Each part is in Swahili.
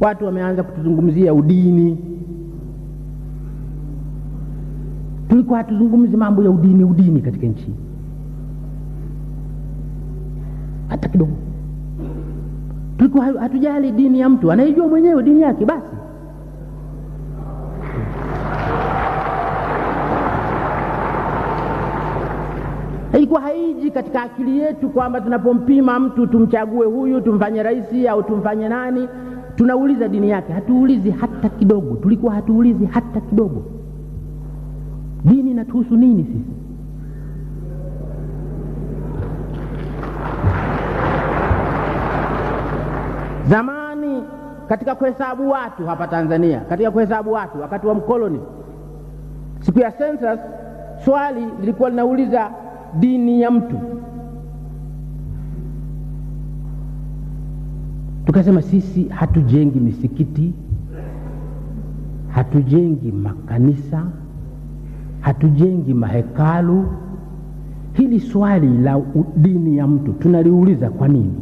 watu wameanza kutuzungumzia udini tulikuwa hatuzungumzi mambo ya udini udini katika nchi hata kidogo tulikuwa hatujali dini ya mtu anaijua mwenyewe dini yake basi ilikuwa haiji katika akili yetu kwamba tunapompima mtu tumchague huyu tumfanye raisi au tumfanye nani tunauliza dini yake hatuulizi hata kidogo tulikuwa hatuulizi hata kidogo dini inatuhusu nini sisi zamani katika kuhesabu watu hapa tanzania katika kuhesabu watu wakati wa mkoloni siku ya census swali lilikuwa linauliza dini ya mtu tukasema sisi hatujengi misikiti hatujengi makanisa hatujengi mahekalu hili swali la dini ya mtu tunaliuliza kwa nini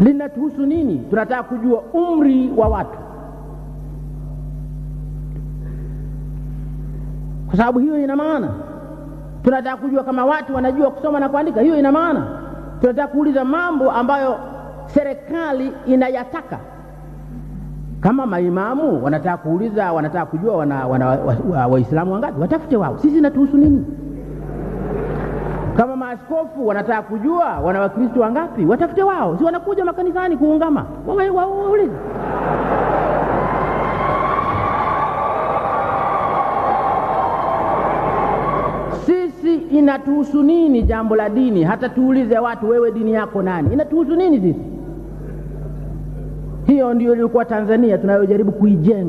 linatuhusu nini tunataka kujua umri wa watu kwa sababu hiyo ina maana tunataka kujua kama watu wanajua kusoma na kuandika, hiyo ina maana tunataka kuuliza mambo ambayo serikali inayataka. Kama maimamu wanataka kuuliza, wanataka kujua Waislamu wana, Waislamu wa, wa, wa wangapi, watafute wao, sisi natuhusu nini? Kama maaskofu wanataka kujua wana Wakristo wangapi, watafute wao, si wanakuja makanisani kuungama, waulize. inatuhusu nini jambo la dini? Hata tuulize watu, wewe dini yako nani? Inatuhusu nini sisi? Hiyo ndio ilikuwa Tanzania tunayojaribu kuijenga.